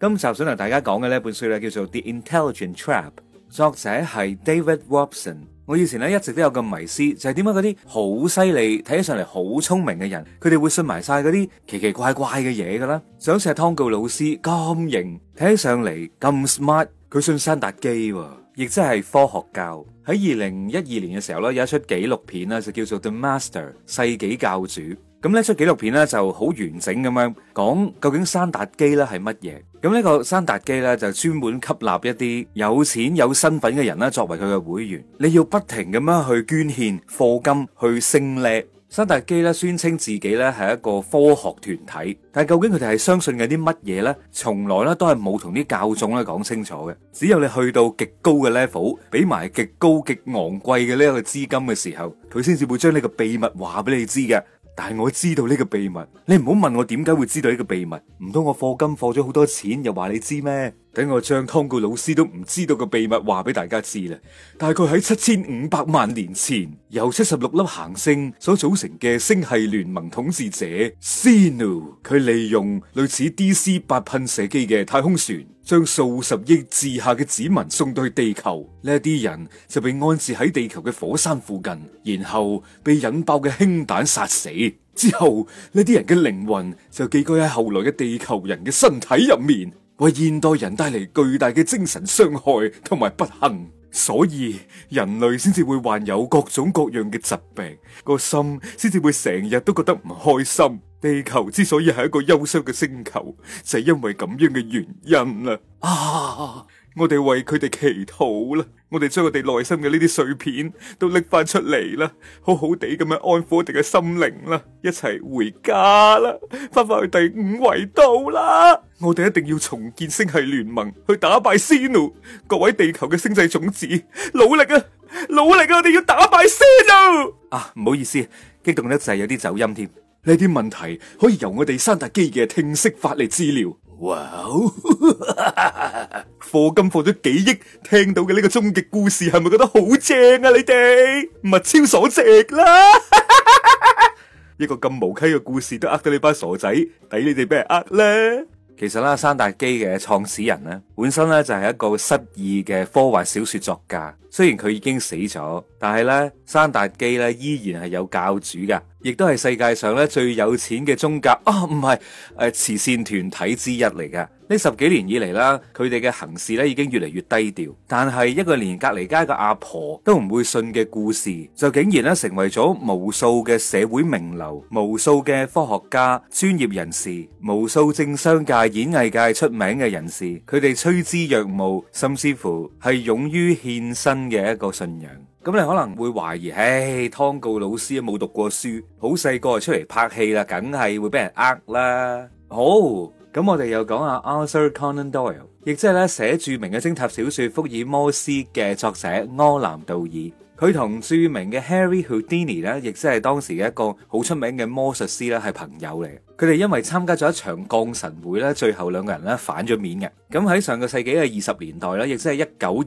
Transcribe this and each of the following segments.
今集想同大家講嘅呢本書咧叫做 The Intelligent Trap，作者係 David Robson。我以前咧一直都有個迷思，就係點解嗰啲好犀利、睇起上嚟好聰明嘅人，佢哋會信埋晒嗰啲奇奇怪怪嘅嘢噶啦？想試下湯告老師咁型，睇起上嚟咁 smart，佢信山達基。亦即係科學教，喺二零一二年嘅時候咧，有一出紀錄片咧，就叫做《The Master》，世紀教主。咁呢出紀錄片咧，就好完整咁樣講究竟山達基咧係乜嘢。咁呢個山達基咧，就專門吸納一啲有錢有身份嘅人咧，作為佢嘅會員，你要不停咁樣去捐獻課金去升 level。山達基咧宣稱自己咧係一個科學團體，但係究竟佢哋係相信緊啲乜嘢呢？從來咧都係冇同啲教眾咧講清楚嘅。只有你去到極高嘅 level，俾埋極高極昂貴嘅呢一個資金嘅時候，佢先至會將呢個秘密話俾你知嘅。但係我知道呢個秘密，你唔好問我點解會知道呢個秘密，唔通我課金課咗好多錢又話你知咩？等我將湯告魯斯都唔知道嘅秘密話俾大家知啦。大概喺七千五百萬年前，由七十六粒行星所組成嘅星系聯盟統治者 Xenu，佢利用類似 DC-8 噴射機嘅太空船，將數十億治下嘅子民送到去地球。呢一啲人就被安置喺地球嘅火山附近，然後被引爆嘅氫彈殺死之後，呢啲人嘅靈魂就寄居喺後來嘅地球人嘅身體入面。為現代人帶嚟巨大嘅精神傷害同埋不幸，所以人類先至會患有各種各樣嘅疾病，個心先至會成日都覺得唔開心。地球之所以係一個憂傷嘅星球，就係因為咁樣嘅原因啦。啊！我哋為佢哋祈禱啦，我哋將我哋內心嘅呢啲碎片都拎翻出嚟啦，好好地咁樣安撫我哋嘅心靈啦，一齊回家啦，翻返去第五維度啦，我哋一定要重建星系聯盟，去打敗斯奴，各位地球嘅星際種子，努力啊，努力啊，我哋要打敗斯奴。啊，唔好意思，激動得滯有啲走音添，呢啲問題可以由我哋三大機嘅聽息法嚟治療。哇哦！課 Wow. 金課咗幾億，聽到嘅呢個終極故事係咪覺得好正啊你？你哋物超所值啦！ 一個咁無稽嘅故事都呃到你班傻仔，抵你哋俾人呃咧？其實咧，山達基嘅創始人咧，本身咧就係一個失意嘅科幻小説作家。雖然佢已經死咗，但係咧，山達基咧依然係有教主噶，亦都係世界上咧最有錢嘅宗教啊，唔係誒慈善團體之一嚟㗎。呢十幾年以嚟啦，佢哋嘅行事咧已經越嚟越低調，但係一個連隔籬街嘅阿婆都唔會信嘅故事，就竟然咧成為咗無數嘅社會名流、無數嘅科學家、專業人士、無數政商界、演藝界出名嘅人士，佢哋趨之若鶩，甚至乎係勇於獻身嘅一個信仰。咁你可能會懷疑，唉、哎，湯告老師冇讀過書，好細個就出嚟拍戲啦，梗係會俾人呃啦，好。咁我哋又講下 Arthur Conan Doyle，亦即係咧寫著名嘅偵探小說《福爾摩斯》嘅作者柯南道爾，佢同著名嘅 Harry Houdini 咧，亦即係當時嘅一個好出名嘅魔術師咧，係朋友嚟。佢哋因為參加咗一場降神會咧，最後兩個人咧反咗面嘅。咁喺上個世紀嘅二十年代咧，亦即係一九二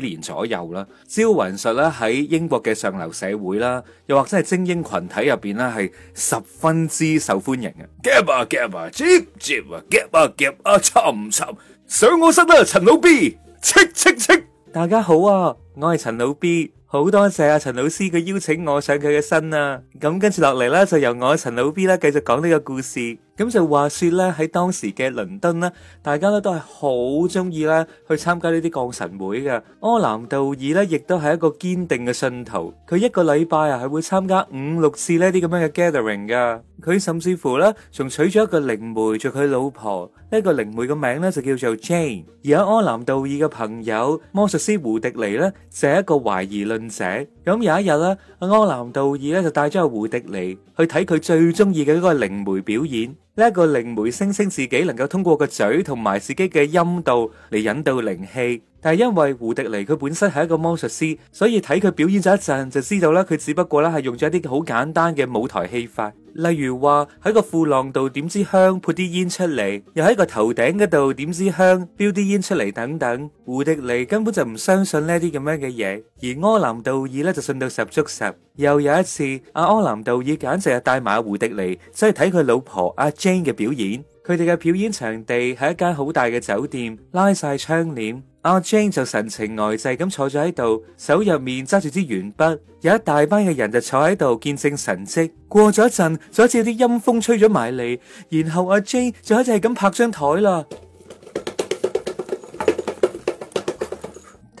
幾年左右啦，招魂術咧喺英國嘅上流社會啦，又或者係精英群體入邊咧係十分之受歡迎嘅。夾啊夾啊，接接啊夾啊夾啊，沉沉想我身啊，陳老 C，戚戚戚，大家好啊，我係陳老 C。好多謝阿、啊、陳老 C 佢邀請我上佢嘅身啊。咁、嗯、跟住落嚟啦，就由我陳老 B 啦繼續講呢個故事。咁、嗯、就話說咧，喺當時嘅倫敦咧，大家咧都係好中意咧去參加呢啲降神會嘅。柯南道爾咧亦都係一個堅定嘅信徒，佢一個禮拜啊係會參加五六次呢啲咁樣嘅 gathering 噶。佢甚至乎咧仲娶咗一個靈媒做佢老婆。呢個靈媒個名咧就叫做 Jane，而阿柯南道爾嘅朋友魔術師胡迪尼咧就係一個懷疑論者。咁有一日咧，阿柯南道爾咧就帶咗阿胡迪尼去睇佢最中意嘅一個靈媒表演。呢一個靈媒聲稱自己能夠通過個嘴同埋自己嘅陰道嚟引導靈氣。但係因為胡迪尼佢本身係一個魔術師，所以睇佢表演咗一陣，就知道啦。佢只不過咧係用咗一啲好簡單嘅舞台戲法，例如話喺個褲浪度點支香，潑啲煙出嚟，又喺個頭頂嗰度點支香，標啲煙出嚟等等。胡迪尼根本就唔相信呢啲咁樣嘅嘢，而柯南道爾咧就信到十足十。又有一次，阿柯南道爾簡直係帶埋胡迪尼，即係睇佢老婆阿 Jane 嘅表演。佢哋嘅表演場地係一間好大嘅酒店，拉晒窗簾。阿 J 就神情呆滯咁坐咗喺度，手入面揸住支鉛筆，有一大班嘅人就坐喺度見證神蹟。過咗一陣，就好似有啲陰風吹咗埋嚟，然後阿 J 就一直係咁拍張台啦。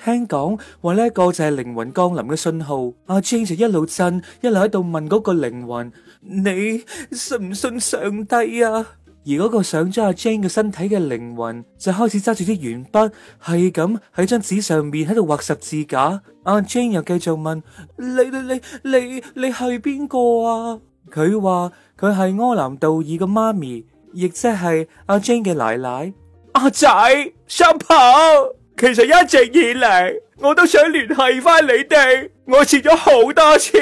聽講話呢一個就係靈魂降臨嘅信號，阿 J 就一路震，一路喺度問嗰個靈魂：你信唔信上帝啊？而嗰個上咗阿 Jane 嘅身體嘅靈魂就開始揸住啲鉛筆，係咁喺張紙上面喺度畫十字架。阿 Jane 又繼續問：你你你你你係邊個啊？佢話佢係柯南道爾嘅媽咪，亦即係阿 Jane 嘅奶奶。阿仔，新抱，其實一直以嚟我都想聯繫翻你哋，我試咗好多次，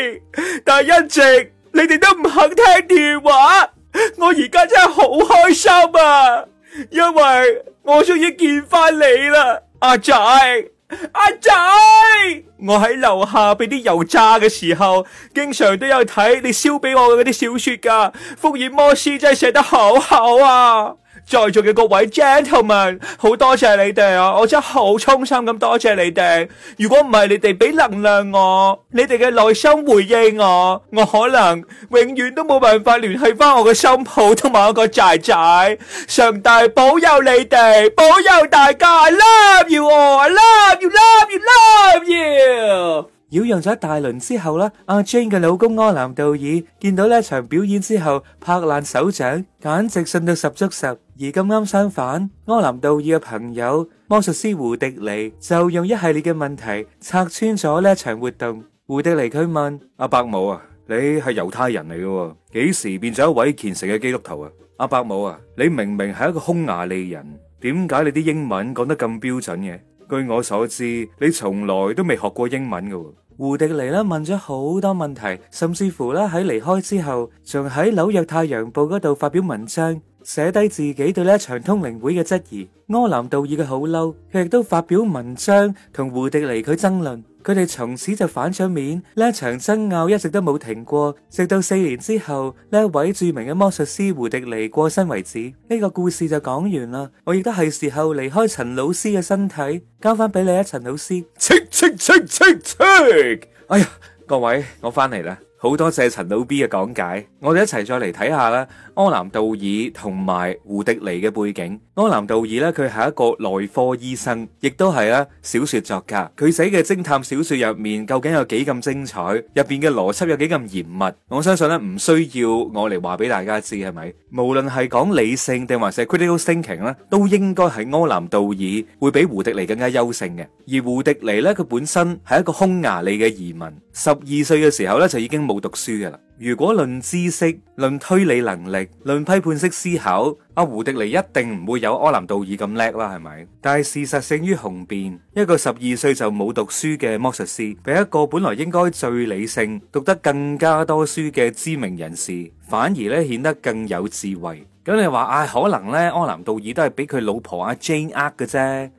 但係一直你哋都唔肯聽電話。我而家真係好開心啊，因為我終於見翻你啦，阿仔，阿仔！我喺樓下俾啲油炸嘅時候，經常都有睇你燒俾我嘅嗰啲小說噶，福爾摩斯真係寫得好好啊！在座嘅各位 gentlemen，好多謝你哋啊！我真係好衷心咁多謝你哋。如果唔係你哋俾能量我，你哋嘅內心回應我，我可能永遠都冇辦法聯繫返我嘅心抱同埋一個仔仔。上帝保佑你哋，保佑大家。I love you，I love you，love you，love you love you。擾攘咗大輪之後咧，阿 Jane 嘅老公柯南道爾見到呢一場表演之後拍爛手掌，簡直信到十足十。而咁啱相反，柯南道爾嘅朋友魔術師胡迪尼就用一系列嘅問題拆穿咗呢一場活動。胡迪尼佢問阿伯母啊，你係猶太人嚟嘅，幾時變咗一位虔誠嘅基督徒啊？阿伯母啊，你明明係一個匈牙利人，點解你啲英文講得咁標準嘅？據我所知，你從來都未學過英文㗎。胡迪尼啦，問咗好多問題，甚至乎啦喺離開之後，仲喺紐約太陽報嗰度發表文章，寫低自己對呢一場通靈會嘅質疑。柯南道爾嘅好嬲，佢亦都發表文章同胡迪尼佢爭論。佢哋從此就反咗面，呢一場爭拗一直都冇停過，直到四年之後呢一位著名嘅魔術師胡迪尼過身為止。呢個故事就講完啦，我亦都係時候離開陳老師嘅身體，交翻俾你啊，陳老師。切切切切切！哎呀，各位，我翻嚟啦。好多謝陳老 B 嘅講解，我哋一齊再嚟睇下啦，柯南道爾同埋胡迪尼嘅背景。柯南道爾咧，佢係一個內科醫生，亦都係咧小說作家。佢寫嘅偵探小說入面究竟有幾咁精彩？入邊嘅邏輯有幾咁嚴密？我相信咧，唔需要我嚟話俾大家知，係咪？無論係講理性定還是 c r i t i c a l t h i n k i n g 咧，都應該係柯南道爾會比胡迪尼更加優勝嘅。而胡迪尼咧，佢本身係一個匈牙利嘅移民。十二歲嘅時候咧就已經冇讀書嘅啦。如果論知識、論推理能力、論批判式思考，阿胡迪尼一定唔會有柯南道爾咁叻啦，係咪？但係事實勝於雄辯，一個十二歲就冇讀書嘅魔術師，俾一個本來應該最理性、讀得更加多書嘅知名人士，反而咧顯得更有智慧。咁你話啊，可能呢，柯南道爾都係俾佢老婆阿、啊、Jane 呃嘅啫。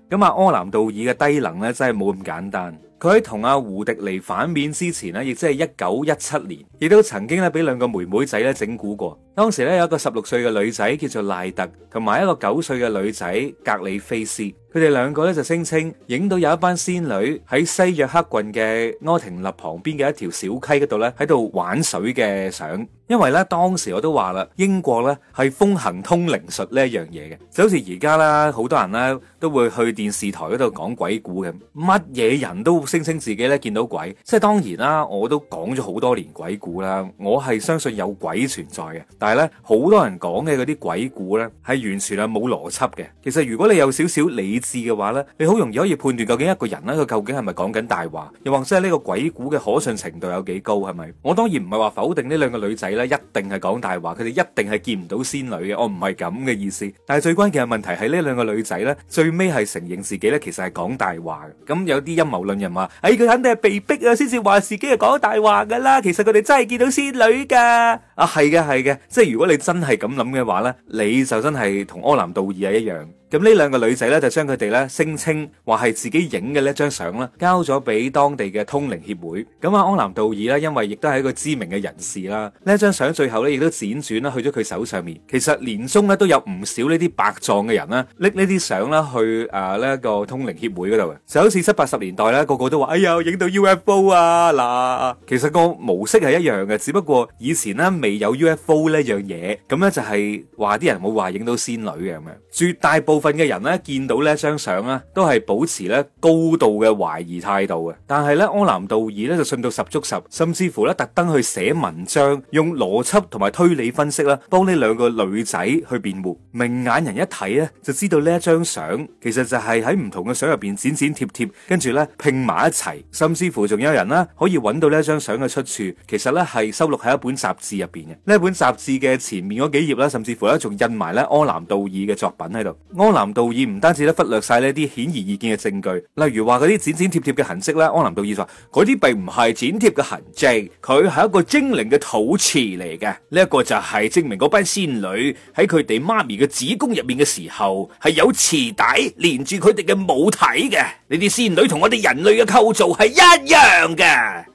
咁阿柯南道爾嘅低能咧真係冇咁簡單。佢喺同阿胡迪尼反面之前呢，亦即係一九一七年，亦都曾經咧俾兩個妹妹仔咧整蠱過。當時咧有一個十六歲嘅女仔叫做賴特，同埋一個九歲嘅女仔格里菲斯，佢哋兩個咧就聲稱影到有一班仙女喺西約克郡嘅柯廷立旁邊嘅一條小溪嗰度咧喺度玩水嘅相。因為咧當時我都話啦，英國咧係風行通靈術呢一樣嘢嘅，就好似而家啦，好多人咧都會去電視台嗰度講鬼故噉，乜嘢人都聲稱自己咧見到鬼。即係當然啦，我都講咗好多年鬼故啦，我係相信有鬼存在嘅。但係咧，好多人講嘅嗰啲鬼故咧，係完全係冇邏輯嘅。其實如果你有少少理智嘅話咧，你好容易可以判斷究竟一個人咧，佢究竟係咪講緊大話，又或者係呢個鬼故嘅可信程度有幾高，係咪？我當然唔係話否定呢兩個女仔咧，一定係講大話，佢哋一定係見唔到仙女嘅。我唔係咁嘅意思。但係最關鍵嘅問題係呢兩個女仔咧，最尾係承認自己咧、哎，其實係講大話嘅。咁有啲陰謀論人話：哎，佢肯定係被逼啊，先至話自己係講大話噶啦。其實佢哋真係見到仙女噶。啊，係嘅，係嘅。即係如果你真係咁諗嘅話咧，你就真係同柯南道爾係一樣。咁呢兩個女仔咧，就將佢哋咧聲稱話係自己影嘅呢一張相啦，交咗俾當地嘅通靈協會。咁阿安南道爾咧，因為亦都係一個知名嘅人士啦，呢一張相最後咧，亦都輾轉啦去咗佢手上面。其實年中咧都有唔少呢啲白撞嘅人啦，拎呢啲相啦去誒呢一個通靈協會嗰度，就好似七八十年代咧，個個都話：哎呀，影到 UFO 啊！嗱，其實個模式係一樣嘅，只不過以前咧未有 UFO 呢樣嘢，咁咧就係話啲人會話影到仙女嘅咁樣，絕大部分，份嘅人咧，見到呢一張相咧，都係保持咧高度嘅懷疑態度嘅。但係咧，柯南道爾咧就信到十足十，甚至乎咧特登去寫文章，用邏輯同埋推理分析啦，幫呢兩個女仔去辯護。明眼人一睇咧，就知道呢一張相其實就係喺唔同嘅相入邊剪剪貼貼，跟住咧拼埋一齊。甚至乎仲有人呢，可以揾到呢一張相嘅出處，其實咧係收錄喺一本雜誌入邊嘅。呢一本雜誌嘅前面嗰幾頁咧，甚至乎咧仲印埋咧柯南道爾嘅作品喺度。柯安南道爾唔單止咧忽略晒呢啲顯而易見嘅證據，例如話嗰啲剪剪貼貼嘅痕跡咧，安南道爾話嗰啲並唔係剪貼嘅痕跡，佢係一個精靈嘅肚臍嚟嘅。呢一個就係證明嗰班仙女喺佢哋媽咪嘅子宮入面嘅時候係有臍帶連住佢哋嘅母體嘅。你啲仙女同我哋人類嘅構造係一樣嘅。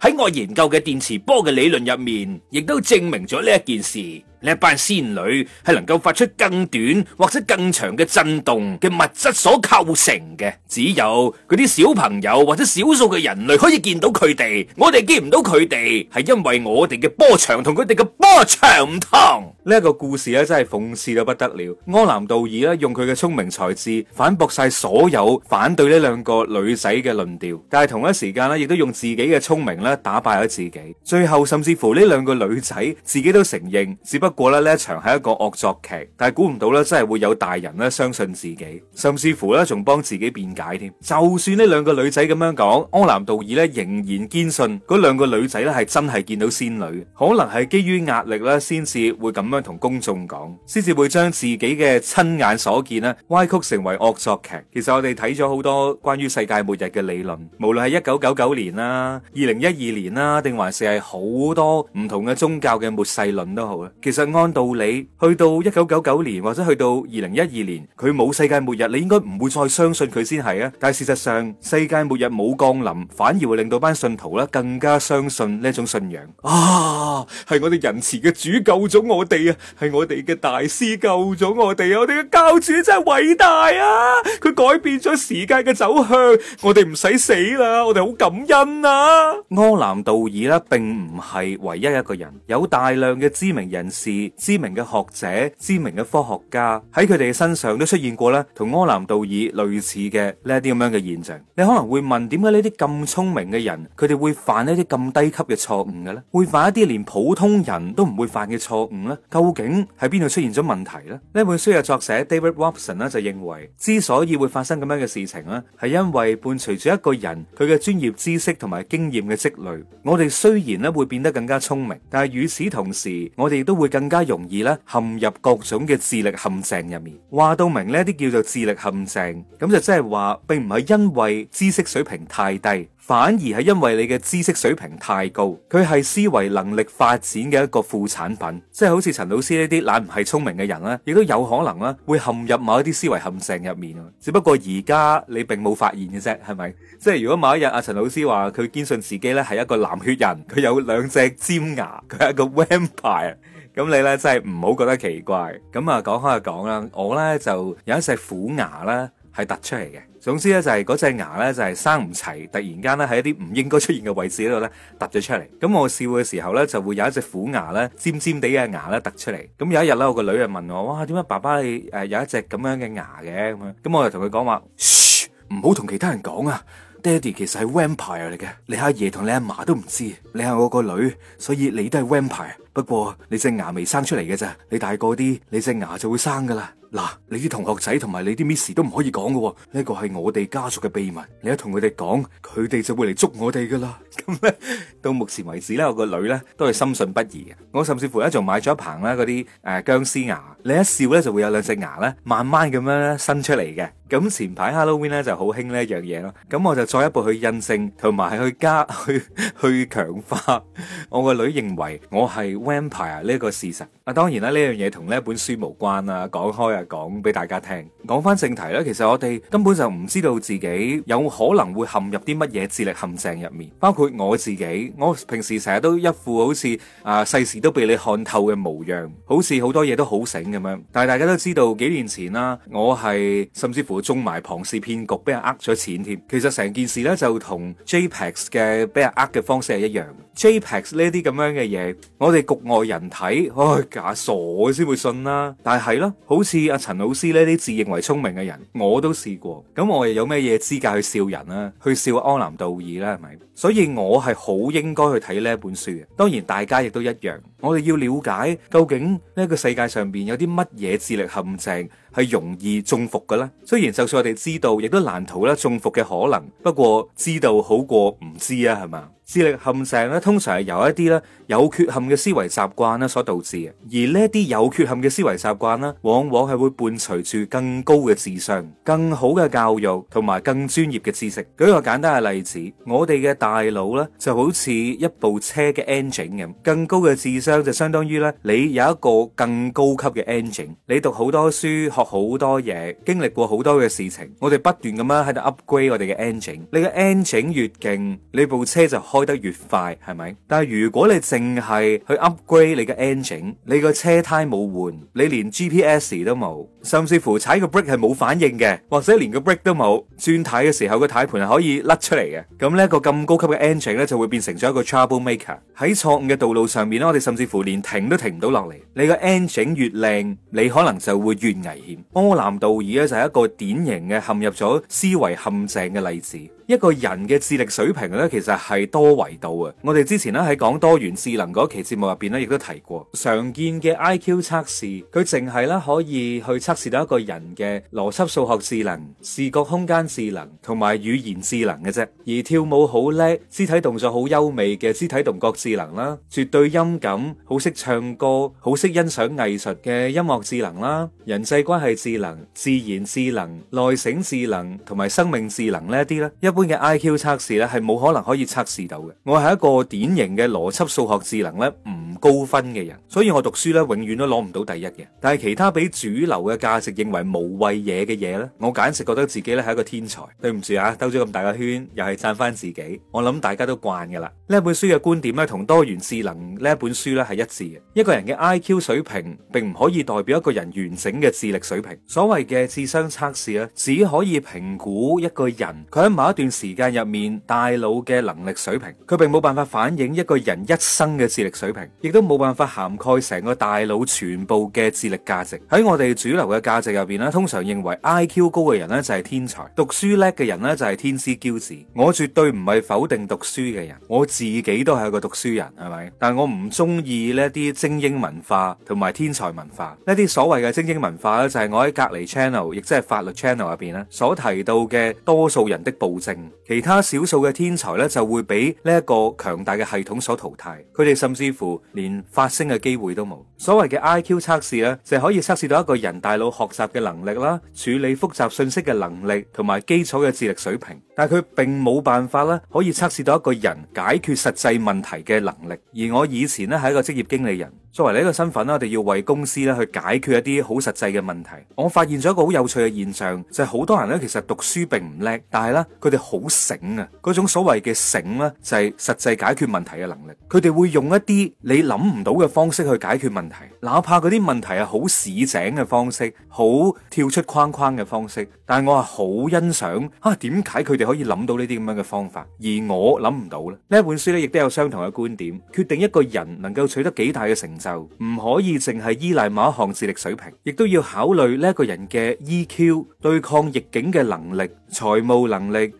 喺我研究嘅電磁波嘅理論入面，亦都證明咗呢一件事。呢一班仙女係能夠發出更短或者更長嘅震動嘅物質所構成嘅，只有嗰啲小朋友或者少數嘅人類可以見到佢哋。我哋見唔到佢哋係因為我哋嘅波長同佢哋嘅波長唔同。呢一個故事咧真係諷刺到不得了。柯南道爾咧用佢嘅聰明才智反駁晒所有反對呢兩個女仔嘅論調，但係同一時間咧亦都用自己嘅聰明咧打敗咗自己。最後甚至乎呢兩個女仔自己都承認，只不。不過咧，呢一場係一個惡作劇，但係估唔到咧，真係會有大人咧相信自己，甚至乎咧仲幫自己辯解添。就算呢兩個女仔咁樣講，柯南道爾咧仍然堅信嗰兩個女仔咧係真係見到仙女，可能係基於壓力咧，先至會咁樣同公眾講，先至會將自己嘅親眼所見咧歪曲成為惡作劇。其實我哋睇咗好多關於世界末日嘅理論，無論係一九九九年啦、二零一二年啦，定還是係好多唔同嘅宗教嘅末世論都好啦。其實。就按道理去到一九九九年或者去到二零一二年，佢冇世界末日，你應該唔會再相信佢先係啊！但係事實上，世界末日冇降臨，反而會令到班信徒咧更加相信呢一種信仰啊！係我哋仁慈嘅主救咗我哋啊！係我哋嘅大師救咗我哋啊！我哋嘅教主真係偉大啊！佢改變咗時間嘅走向，我哋唔使死啦！我哋好感恩啊！柯南道爾啦，並唔係唯一一個人，有大量嘅知名人士。知名嘅學者、知名嘅科學家，喺佢哋嘅身上都出現過咧，同柯南道爾類，類似嘅呢一啲咁樣嘅現象。你可能會問，「點解呢啲咁聰明嘅人，佢哋會犯呢啲咁低級嘅錯誤嘅咧？會犯一啲連普通人都唔會犯嘅錯誤呢？究竟喺邊度出現咗問題呢？」呢本書嘅作者 David Robson 咧就認為，之所以會發生咁樣嘅事情咧，係因為伴隨住一個人佢嘅專業知識同埋經驗嘅積累，我哋雖然咧會變得更加聰明，但係與此同時，我哋都會更。更加容易咧陷入各種嘅智力陷阱入面。話到明呢啲叫做智力陷阱，咁就即係話，並唔係因為知識水平太低，反而係因為你嘅知識水平太高，佢係思維能力發展嘅一個副產品。即係好似陳老師呢啲，哪怕係聰明嘅人咧，亦都有可能咧會陷入某一啲思維陷阱入面。只不過而家你並冇發現嘅啫，係咪？即係如果某一日阿陳老師話佢堅信自己咧係一個藍血人，佢有兩隻尖牙，佢係一個 vampire。咁你咧真係唔好覺得奇怪，咁啊講開又講啦，我咧就有一隻虎牙咧係突出嚟嘅，總之咧就係嗰隻牙咧就係生唔齊，突然間咧喺一啲唔應該出現嘅位置嗰度咧突咗出嚟，咁我笑嘅時候咧就會有一隻虎牙咧尖尖地嘅牙咧突出嚟，咁有一日咧我個女啊問我，哇，點解爸爸你誒有一隻咁樣嘅牙嘅？咁樣，咁我就同佢講話，噓，唔好同其他人講啊。爹哋其實係 vampire 嚟嘅，你阿爺同你阿嫲都唔知，你係我個女，所以你都係 vampire。不過你隻牙未生出嚟嘅咋，你大個啲，你隻牙就會生噶啦。嗱，你啲同學仔同埋你啲 Miss 都唔可以講噶，呢個係我哋家族嘅秘密。你一同佢哋講，佢哋就會嚟捉我哋噶啦。咁咧，到目前為止咧，我個女咧都係深信不疑嘅。我甚至乎咧，仲買咗一棚啦，嗰啲誒殭屍牙。你一笑咧，就會有兩隻牙咧，慢慢咁樣咧伸出嚟嘅。咁前排 Halloween 咧就好興呢一樣嘢咯。咁我就再一步去印證，同埋去加去去強化我個女認為我係 vampire 呢個事實。啊，當然啦，呢樣嘢同呢一本書無關啦。講開啊。講俾大家聽，講返正題咧，其實我哋根本就唔知道自己有可能會陷入啲乜嘢智力陷阱入面，包括我自己，我平時成日都一副好似啊世事都被你看透嘅模樣，好似好多嘢都好醒咁樣。但係大家都知道，幾年前啦，我係甚至乎中埋龐氏騙局，俾人呃咗錢添。其實成件事呢就同 JPEX 嘅俾人呃嘅方式係一樣。JPEX 呢啲咁樣嘅嘢，我哋局外人睇，唉假傻先會信啦。但係囉，好似，阿陳老師呢啲自認為聰明嘅人，我都試過，咁我又有咩嘢資格去笑人呀？去笑柯南道爾啦？係咪？所以我係好應該去睇呢本書嘅。當然，大家亦都一樣，我哋要了解究竟呢個世界上邊有啲乜嘢智力陷阱係容易中伏嘅咧？雖然就算我哋知道，亦都難逃啦中伏嘅可能。不過知道好過唔知啊，係嘛？智力陷阱咧，通常係由一啲咧有缺陷嘅思維習慣咧所導致嘅。而呢一啲有缺陷嘅思維習慣咧，往往係會伴隨住更高嘅智商、更好嘅教育同埋更專業嘅知識。舉個簡單嘅例子，我哋嘅大腦咧就好似一部車嘅 engine 咁，更高嘅智商就相當於咧你有一個更高級嘅 engine。你讀好多書、學好多嘢、經歷過好多嘅事情，我哋不斷咁樣喺度 upgrade 我哋嘅 engine。你嘅 engine 越勁，你部車就開。開得越快係咪？但係如果你淨係去 upgrade 你嘅 engine，你個車胎冇換，你連 GPS 都冇，甚至乎踩個 brake 係冇反應嘅，或者連個 brake 都冇，轉胎嘅時候個胎盤係可以甩出嚟嘅。咁呢個咁高級嘅 engine 咧，就會變成咗一個 trouble maker。喺錯誤嘅道路上面咧，我哋甚至乎連停都停唔到落嚟。你個 engine 越靚，你可能就會越危險。柯南道爾咧就係一個典型嘅陷入咗思維陷阱嘅例子。一個人嘅智力水平咧，其實係多維度嘅。我哋之前咧喺講多元智能嗰期節目入邊咧，亦都提過，常見嘅 IQ 測試，佢淨係咧可以去測試到一個人嘅邏輯數學智能、視覺空間智能同埋語言智能嘅啫。而跳舞好叻、肢體動作好優美嘅肢體動覺智能啦，絕對音感好識唱歌、好識欣賞藝術嘅音樂智能啦，人際關係智能、自然智能、內省智能同埋生命智能呢一啲啦，一般嘅 I.Q 測試咧係冇可能可以測試到嘅。我係一個典型嘅邏輯數學智能咧唔高分嘅人，所以我讀書咧永遠都攞唔到第一嘅。但係其他俾主流嘅價值認為無謂嘢嘅嘢咧，我簡直覺得自己咧係一個天才。對唔住啊，兜咗咁大個圈，又係讚翻自己。我諗大家都慣噶啦。呢一本書嘅觀點咧同多元智能呢一本書咧係一致嘅。一個人嘅 I.Q 水平並唔可以代表一個人完整嘅智力水平。所謂嘅智商測試咧，只可以評估一個人佢喺某一段。時間入面，大腦嘅能力水平，佢並冇辦法反映一個人一生嘅智力水平，亦都冇辦法涵蓋成個大腦全部嘅智力價值。喺我哋主流嘅價值入邊咧，通常認為 IQ 高嘅人咧就係天才，讀書叻嘅人咧就係天之驕子。我絕對唔係否定讀書嘅人，我自己都係一個讀書人，係咪？但係我唔中意呢啲精英文化同埋天才文化，呢啲所謂嘅精英文化咧，就係我喺隔籬 channel，亦即係法律 channel 入邊咧所提到嘅多數人的暴政。其他少數嘅天才咧，就會俾呢一個強大嘅系統所淘汰，佢哋甚至乎連發聲嘅機會都冇。所謂嘅 IQ 測試咧，就係可以測試到一個人大腦學習嘅能力啦，處理複雜信息嘅能力同埋基礎嘅智力水平。但係佢並冇辦法咧，可以測試到一個人解決實際問題嘅能力。而我以前呢，係一個職業經理人，作為呢一個身份呢，我哋要為公司咧去解決一啲好實際嘅問題。我發現咗一個好有趣嘅現象，就係好多人咧其實讀書並唔叻，但係咧佢哋。好醒啊！嗰種所謂嘅醒呢，就係實際解決問題嘅能力。佢哋會用一啲你諗唔到嘅方式去解決問題，哪怕嗰啲問題係好市井嘅方式，好跳出框框嘅方式。但係我係好欣賞啊！點解佢哋可以諗到呢啲咁樣嘅方法，而我諗唔到咧？呢本書呢，亦都有相同嘅觀點：決定一個人能夠取得幾大嘅成就，唔可以淨係依賴某一項智力水平，亦都要考慮呢一個人嘅 E.Q. 對抗逆境嘅能力、財務能力。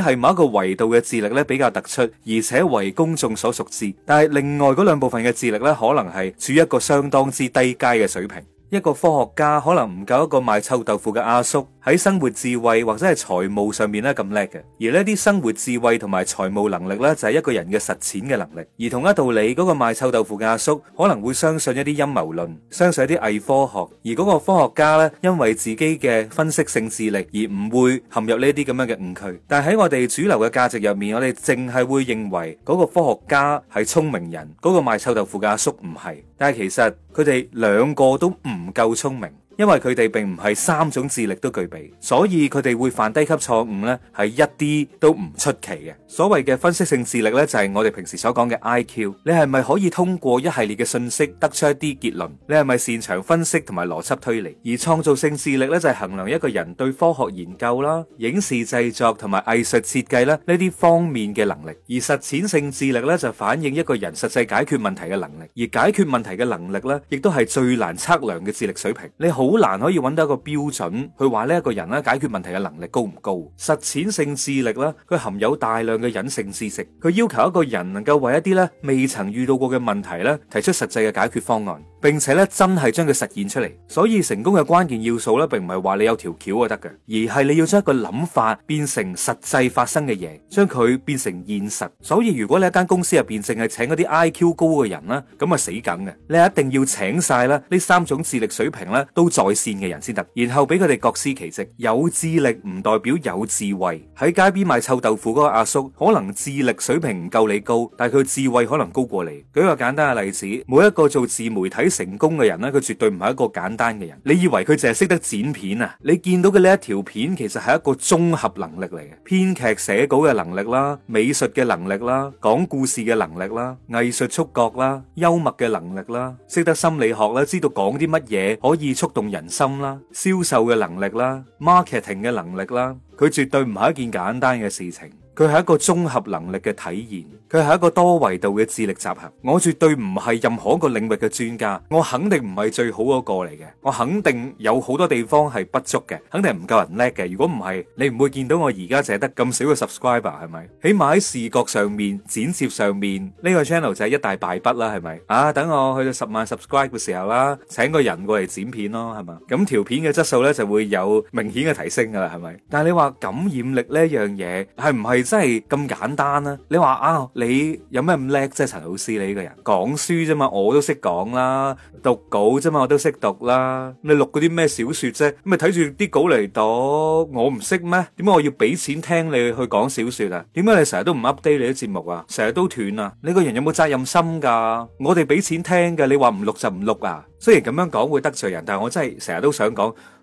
係某一個維度嘅智力咧比較突出，而且為公眾所熟知，但係另外嗰兩部分嘅智力咧，可能係處於一個相當之低階嘅水平。一個科學家可能唔夠一個賣臭豆腐嘅阿叔喺生活智慧或者係財務上面咧咁叻嘅，而呢啲生活智慧同埋財務能力咧就係一個人嘅實踐嘅能力。而同一道理，嗰個賣臭豆腐嘅阿叔可能會相信一啲陰謀論，相信一啲偽科學，而嗰個科學家咧因為自己嘅分析性智力而唔會陷入呢啲咁樣嘅誤區。但係喺我哋主流嘅價值入面，我哋淨係會認為嗰個科學家係聰明人，嗰個賣臭豆腐嘅阿叔唔係。但係其實佢哋兩個都唔。唔夠聰明。因為佢哋並唔係三種智力都具備，所以佢哋會犯低級錯誤呢，係一啲都唔出奇嘅。所謂嘅分析性智力呢就係我哋平時所講嘅 IQ。你係咪可以通過一系列嘅信息得出一啲結論？你係咪擅長分析同埋邏輯推理？而創造性智力呢就係衡量一個人對科學研究啦、影視製作同埋藝術設計啦呢啲方面嘅能力。而實踐性智力呢就反映一個人實際解決問題嘅能力。而解決問題嘅能力呢亦都係最難測量嘅智力水平。你好。好難可以搵到一個標準去話呢一個人咧，解決問題嘅能力高唔高？實踐性智力咧，佢含有大量嘅隱性知識，佢要求一個人能夠為一啲咧未曾遇到過嘅問題咧提出實際嘅解決方案，並且咧真係將佢實現出嚟。所以成功嘅關鍵要素咧，並唔係話你有條橋就得嘅，而係你要將一個諗法變成實際發生嘅嘢，將佢變成現實。所以如果你一間公司入邊淨係請嗰啲 IQ 高嘅人啦，咁啊死梗嘅。你一定要請晒啦呢三種智力水平咧都在線嘅人先得，然後俾佢哋各司其職。有智力唔代表有智慧。喺街邊賣臭豆腐嗰個阿叔，可能智力水平唔夠你高，但係佢智慧可能高過你。舉個簡單嘅例子，每一個做自媒體成功嘅人咧，佢絕對唔係一個簡單嘅人。你以為佢淨係識得剪片啊？你見到嘅呢一條片，其實係一個綜合能力嚟嘅，編劇寫稿嘅能力啦，美術嘅能力啦，講故事嘅能力啦，藝術觸覺啦，幽默嘅能力啦，識得心理學啦，知道講啲乜嘢可以觸。動人心啦，銷售嘅能力啦，marketing 嘅能力啦，佢絕對唔係一件簡單嘅事情。佢係一個綜合能力嘅體現，佢係一個多維度嘅智力集合。我絕對唔係任何一個領域嘅專家，我肯定唔係最好嗰個嚟嘅，我肯定有好多地方係不足嘅，肯定係唔夠人叻嘅。如果唔係，你唔會見到我而家淨係得咁少嘅 subscriber，係咪？起碼喺視覺上面、剪接上面，呢個 channel 就係一大敗筆啦，係咪？啊，等我去到十萬 subscribe 嘅時候啦，請個人過嚟剪片咯，係嘛？咁條片嘅質素呢就會有明顯嘅提升噶啦，係咪？但係你話感染力呢一樣嘢係唔係？真係咁簡單啦，啊！你話啊，你有咩咁叻啫？陳老 C 你呢個人講書啫嘛，我都識講啦，讀稿啫嘛，我都識讀啦。你錄嗰啲咩小說啫？咁咪睇住啲稿嚟讀，我唔識咩？點解我要俾錢聽你去講小說啊？點解你成日都唔 update 你啲節目啊？成日都斷啊！你個人有冇責任心噶？我哋俾錢聽嘅，你話唔錄就唔錄啊？雖然咁樣講會得罪人，但係我真係成日都想講。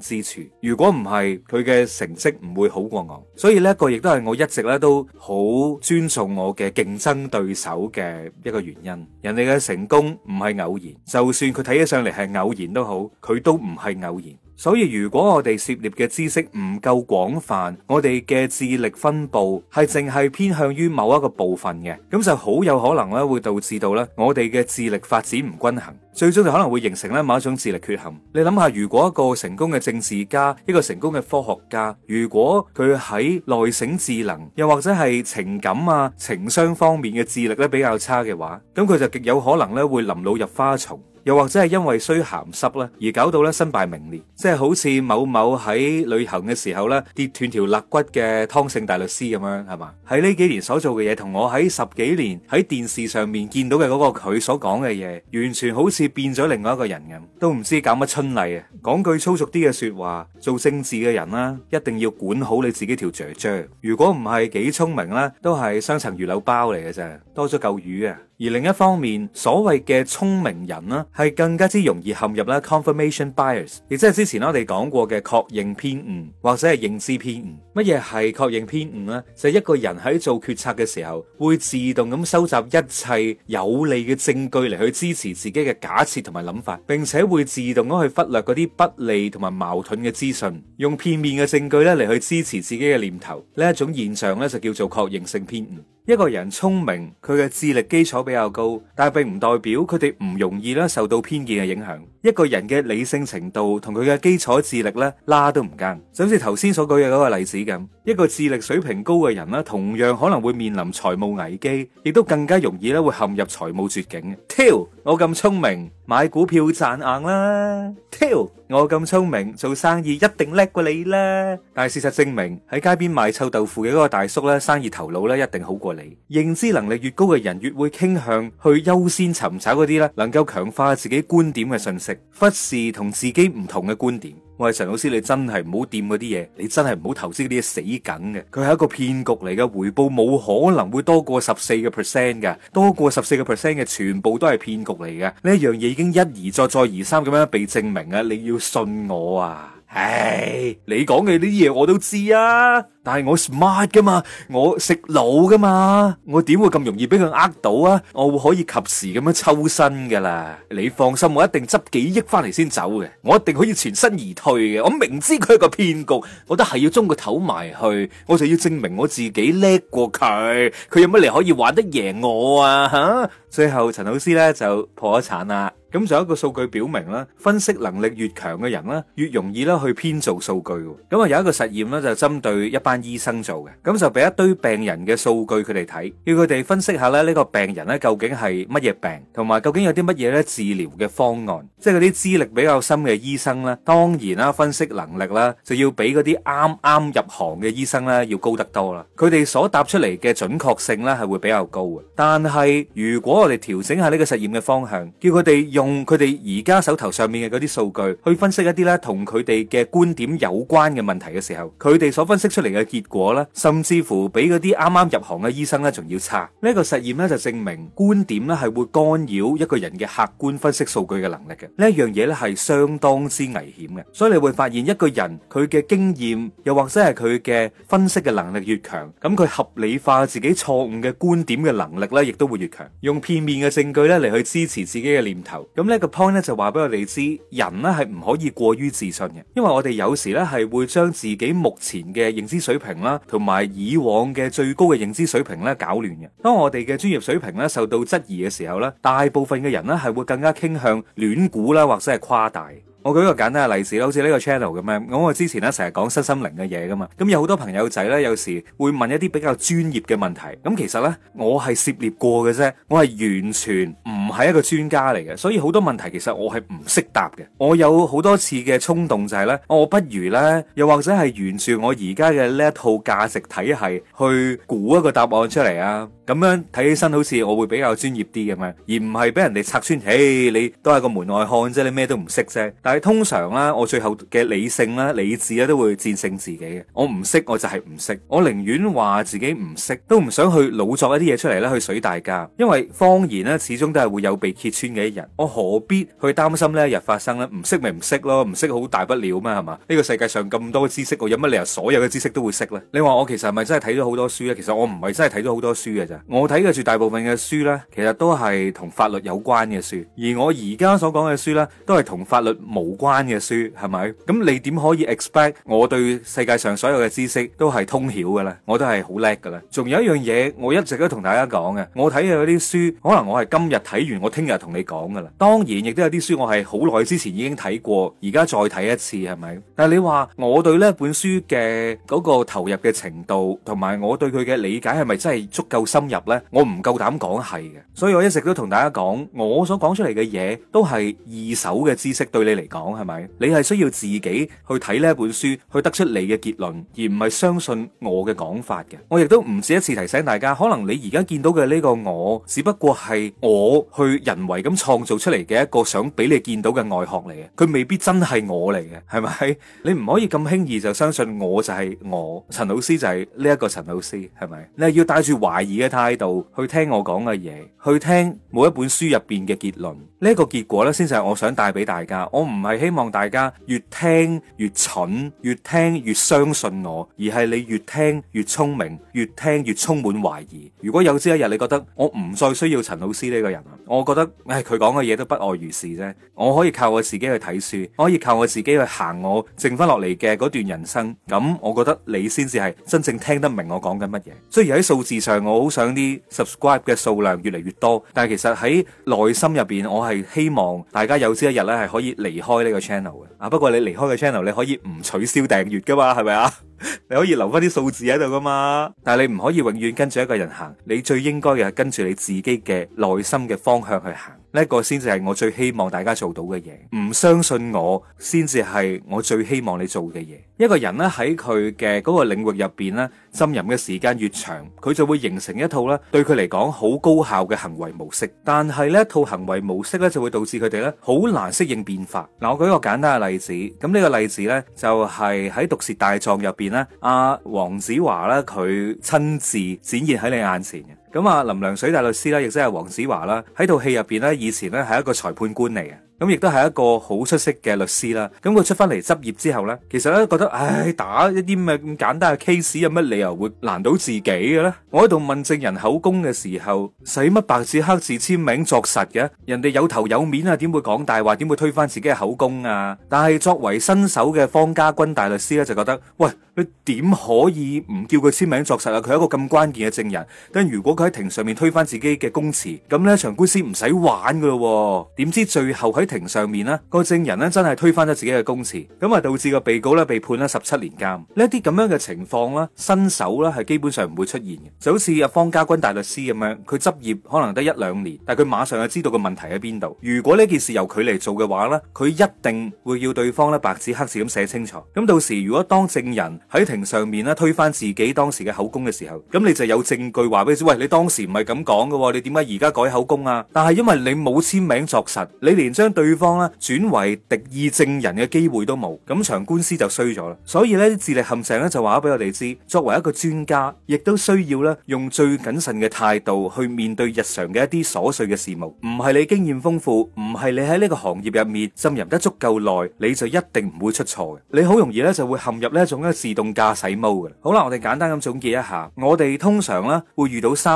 之處，如果唔係佢嘅成績唔會好過我，所以呢一個亦都係我一直咧都好尊重我嘅競爭對手嘅一個原因。人哋嘅成功唔係偶然，就算佢睇起上嚟係偶然都好，佢都唔係偶然。所以如果我哋涉獵嘅知識唔夠廣泛，我哋嘅智力分佈係淨係偏向於某一個部分嘅，咁就好有可能咧會導致到咧我哋嘅智力發展唔均衡，最終就可能會形成咧某一種智力缺陷。你諗下，如果一個成功嘅政治家，一個成功嘅科學家，如果佢喺內省智能，又或者係情感啊、情商方面嘅智力咧比較差嘅話，咁佢就極有可能咧會臨老入花叢。又或者係因為衰鹹濕啦，而搞到咧身敗名裂，即係好似某某喺旅行嘅時候咧跌斷條肋骨嘅湯姓大律師咁樣，係嘛？喺呢幾年所做嘅嘢，同我喺十幾年喺電視上面見到嘅嗰個佢所講嘅嘢，完全好似變咗另外一個人咁，都唔知搞乜春麗啊！講句粗俗啲嘅說話，做政治嘅人啦、啊，一定要管好你自己條雀雀，如果唔係幾聰明啦、啊，都係雙層魚柳包嚟嘅啫，多咗嚿魚啊！而另一方面，所謂嘅聰明人呢，係更加之容易陷入咧 confirmation bias，亦即係之前我哋講過嘅確認偏誤或者係認知偏誤。乜嘢係確認偏誤呢？就係一個人喺做決策嘅時候，會自動咁收集一切有利嘅證據嚟去支持自己嘅假設同埋諗法，並且會自動咁去忽略嗰啲不利同埋矛盾嘅資訊，用片面嘅證據咧嚟去支持自己嘅念頭。呢一種現象咧就叫做確認性偏誤。一個人聰明，佢嘅智力基礎比較高，但係並唔代表佢哋唔容易咧受到偏見嘅影響。一個人嘅理性程度同佢嘅基礎智力咧拉都唔間。就好似頭先所舉嘅嗰個例子咁，一個智力水平高嘅人咧，同樣可能會面臨財務危機，亦都更加容易咧會陷入財務絕境。挑，我咁聰明。買股票賺硬啦，屌！我咁聰明，做生意一定叻過你啦。但係事實證明，喺街邊賣臭豆腐嘅嗰個大叔咧，生意頭腦咧一定好過你。認知能力越高嘅人，越會傾向去優先尋找嗰啲咧能夠強化自己觀點嘅信息，忽視同自己唔同嘅觀點。喂，係陳老師，你真係唔好掂嗰啲嘢，你真係唔好投資嗰啲嘢，死梗嘅，佢係一個騙局嚟嘅，回報冇可能會多過十四個 percent 㗎，多過十四個 percent 嘅全部都係騙局嚟嘅，呢一樣嘢已經一而再，再而三咁樣被證明啊！你要信我啊！唉，你講嘅呢啲嘢我都知啊。但係我 smart 噶嘛，我食腦噶嘛，我點會咁容易俾佢呃到啊？我會可以及時咁樣抽身噶啦，你放心，我一定執幾億翻嚟先走嘅，我一定可以全身而退嘅。我明知佢係個騙局，我都係要中個頭埋去，我就要證明我自己叻過佢。佢有乜嘢可以玩得贏我啊？吓，最後陳老 C 呢就破咗產啦。咁仲有一個數據表明啦，分析能力越強嘅人咧，越容易啦去編造數據。咁啊有一個實驗呢，就針對一班。醫生做嘅，咁就俾一堆病人嘅數據佢哋睇，要佢哋分析下咧，呢個病人咧究竟係乜嘢病，同埋究竟有啲乜嘢咧治療嘅方案。即係嗰啲資歷比較深嘅醫生咧，當然啦，分析能力啦，就要比嗰啲啱啱入行嘅醫生咧要高得多啦。佢哋所答出嚟嘅準確性咧係會比較高嘅。但係如果我哋調整下呢個實驗嘅方向，叫佢哋用佢哋而家手頭上面嘅嗰啲數據去分析一啲咧同佢哋嘅觀點有關嘅問題嘅時候，佢哋所分析出嚟嘅。結果咧，甚至乎比嗰啲啱啱入行嘅醫生咧，仲要差。呢個實驗咧就證明，觀點咧係會干擾一個人嘅客觀分析數據嘅能力嘅。呢一樣嘢咧係相當之危險嘅。所以你會發現一個人佢嘅經驗，又或者係佢嘅分析嘅能力越強，咁佢合理化自己錯誤嘅觀點嘅能力咧，亦都會越強，用片面嘅證據咧嚟，去支持自己嘅念頭。咁呢個 point 咧就話俾我哋知，人咧係唔可以過於自信嘅，因為我哋有時咧係會將自己目前嘅認知水，水平啦，同埋以往嘅最高嘅認知水平咧，搞亂嘅。當我哋嘅專業水平咧受到質疑嘅時候咧，大部分嘅人咧係會更加傾向亂估啦，或者係誇大。我舉一個簡單嘅例子，好似呢個 channel 咁樣，我我之前咧成日講失心靈嘅嘢噶嘛，咁有好多朋友仔咧有時會問一啲比較專業嘅問題，咁其實咧我係涉獵過嘅啫，我係完全唔。唔係一個專家嚟嘅，所以好多問題其實我係唔識答嘅。我有好多次嘅衝動就係、是、咧，我不如咧，又或者係沿住我而家嘅呢一套價值體系去估一個答案出嚟啊！咁樣睇起身好似我會比較專業啲咁樣，而唔係俾人哋拆穿。起、hey, 你都係個門外漢啫，你咩都唔識啫。但係通常啦，我最後嘅理性啦、理智咧都會戰勝自己嘅。我唔識我就係唔識，我寧願話自己唔識，都唔想去老作一啲嘢出嚟咧去水大家，因為謊言咧始終都係會有被揭穿嘅一日，我何必去擔心呢一日發生咧？唔識咪唔識咯，唔識好大不了咩？係嘛？呢個世界上咁多知識，我有乜理由所有嘅知識都會識咧？你話我其實係咪真係睇咗好多書咧？其實我唔係真係睇咗好多書嘅咋，我睇嘅絕大部分嘅書咧，其實都係同法律有關嘅書，而我而家所講嘅書咧，都係同法律無關嘅書，係咪？咁你點可以 expect 我對世界上所有嘅知識都係通曉嘅咧？我都係好叻嘅咧。仲有一樣嘢，我一直都同大家講嘅，我睇嘅嗰啲書，可能我係今日睇。我聽日同你講噶啦，當然亦都有啲書我係好耐之前已經睇過，而家再睇一次係咪？但係你話我對呢本書嘅嗰個投入嘅程度，同埋我對佢嘅理解係咪真係足夠深入呢？我唔夠膽講係嘅，所以我一直都同大家講，我所講出嚟嘅嘢都係二手嘅知識，對你嚟講，係咪？你係需要自己去睇呢本書，去得出你嘅結論，而唔係相信我嘅講法嘅。我亦都唔止一次提醒大家，可能你而家見到嘅呢個我，只不過係我，去人為咁創造出嚟嘅一個想俾你見到嘅外殼嚟嘅，佢未必真係我嚟嘅，係咪？你唔可以咁輕易就相信我就係我，陳老 C 就係呢一個陳老 C，係咪？你係要帶住懷疑嘅態度去聽我講嘅嘢，去聽每一本書入邊嘅結論。呢個結果呢，先至係我想帶俾大家。我唔係希望大家越聽越蠢，越聽越相信我，而係你越聽越聰明，越聽越充滿懷疑。如果有朝一日你覺得我唔再需要陳老師呢個人，我覺得唉，佢講嘅嘢都不外如是啫。我可以靠我自己去睇書，我可以靠我自己去行我剩翻落嚟嘅嗰段人生。咁我覺得你先至係真正聽得明我講緊乜嘢。雖然喺數字上我好想啲 subscribe 嘅數量越嚟越多，但係其實喺內心入邊我。係希望大家有朝一日咧，係可以離開呢個 channel 嘅啊！不過你離開個 channel，你可以唔取消訂閱噶嘛？係咪啊？ 你可以留翻啲數字喺度噶嘛？但係你唔可以永遠跟住一個人行，你最應該嘅係跟住你自己嘅內心嘅方向去行，呢個先至係我最希望大家做到嘅嘢。唔相信我，先至係我最希望你做嘅嘢。一個人咧喺佢嘅嗰個領域入邊咧浸淫嘅時間越長，佢就會形成一套咧對佢嚟講好高效嘅行為模式。但係呢一套行為模式咧就會導致佢哋咧好難適應變化。嗱，我舉一個簡單嘅例子，咁呢個例子咧就係喺《毒舌大狀》入邊。咧，阿黃子華咧，佢親自展現喺你眼前嘅。咁啊，林良水大律師啦，亦即係黃子華啦，喺套戲入邊咧，以前咧係一個裁判官嚟嘅，咁亦都係一個好出色嘅律師啦。咁佢出翻嚟執業之後咧，其實咧覺得，唉，打一啲咩咁簡單嘅 case，有乜理由會難到自己嘅咧？我喺度問證人口供嘅時候，使乜白紙黑字簽名作實嘅？人哋有頭有面啊，點會講大話？點會推翻自己嘅口供啊？但係作為新手嘅方家軍大律師咧，就覺得，喂，你點可以唔叫佢簽名作實啊？佢係一個咁關鍵嘅證人，但如果佢喺庭上面推翻自己嘅供詞，咁呢一場官司唔使玩噶咯，哦。點知最後喺庭上面呢、個證人呢，真係推翻咗自己嘅供詞，咁啊導致個被告咧被判咗十七年監。呢一啲咁樣嘅情況呢，新手咧係基本上唔會出現嘅。就好似阿方家軍大律師咁樣，佢執業可能得一兩年，但佢馬上就知道個問題喺邊度。如果呢件事由佢嚟做嘅話呢，佢一定會要對方咧白紙黑字咁寫清楚。咁到時如果當證人喺庭上面咧推翻自己當時嘅口供嘅時候，咁你就有證據話俾佢知，喂，你。當時唔係咁講噶，你點解而家改口供啊？但係因為你冇簽名作實，你連將對方咧轉為敵意證人嘅機會都冇，咁場官司就衰咗啦。所以呢啲智力陷阱咧就話俾我哋知，作為一個專家，亦都需要咧用最謹慎嘅態度去面對日常嘅一啲瑣碎嘅事務。唔係你經驗豐富，唔係你喺呢個行業入面浸淫得足夠耐，你就一定唔會出錯嘅。你好容易咧就會陷入呢一種咧自動駕駛 Mode 噶啦。好啦，我哋簡單咁總結一下，我哋通常咧會遇到三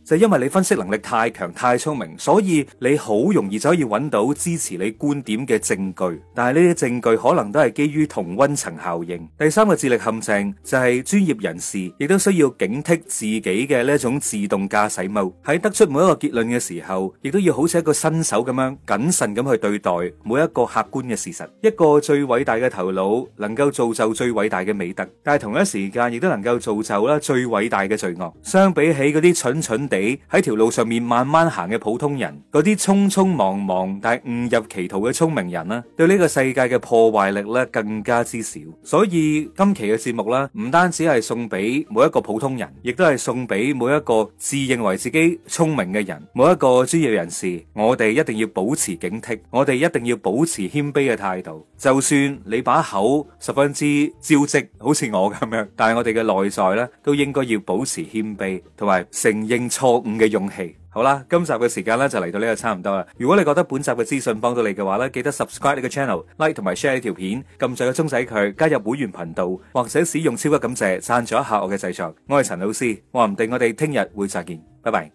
就因為你分析能力太強太聰明，所以你好容易就可以揾到支持你觀點嘅證據。但係呢啲證據可能都係基於同温層效應。第三個智力陷阱就係專業人士亦都需要警惕自己嘅呢種自動駕駛模式。喺得出每一個結論嘅時候，亦都要好似一個新手咁樣謹慎咁去對待每一個客觀嘅事實。一個最偉大嘅頭腦能夠造就最偉大嘅美德，但係同一時間亦都能夠造就啦最偉大嘅罪惡。相比起嗰啲蠢蠢。地喺條路上面慢慢行嘅普通人，嗰啲匆匆忙忙但係誤入歧途嘅聰明人呢？對呢個世界嘅破壞力咧更加之少。所以今期嘅節目啦，唔單止係送俾每一個普通人，亦都係送俾每一個自認為自己聰明嘅人，每一個專業人士。我哋一定要保持警惕，我哋一定要保持謙卑嘅態度。就算你把口十分之招積，好似我咁樣，但係我哋嘅內在咧都應該要保持謙卑，同埋承認。錯誤嘅勇氣，好啦，今集嘅時間呢就嚟到呢個差唔多啦。如果你覺得本集嘅資訊幫到你嘅話呢，記得 subscribe 你個 channel、like 同埋 share 呢條片，撳左個鐘仔佢，加入會員頻道或者使用超級感謝贊助一下我嘅製作。我係陳老 C，話唔定我哋聽日會再見，拜拜。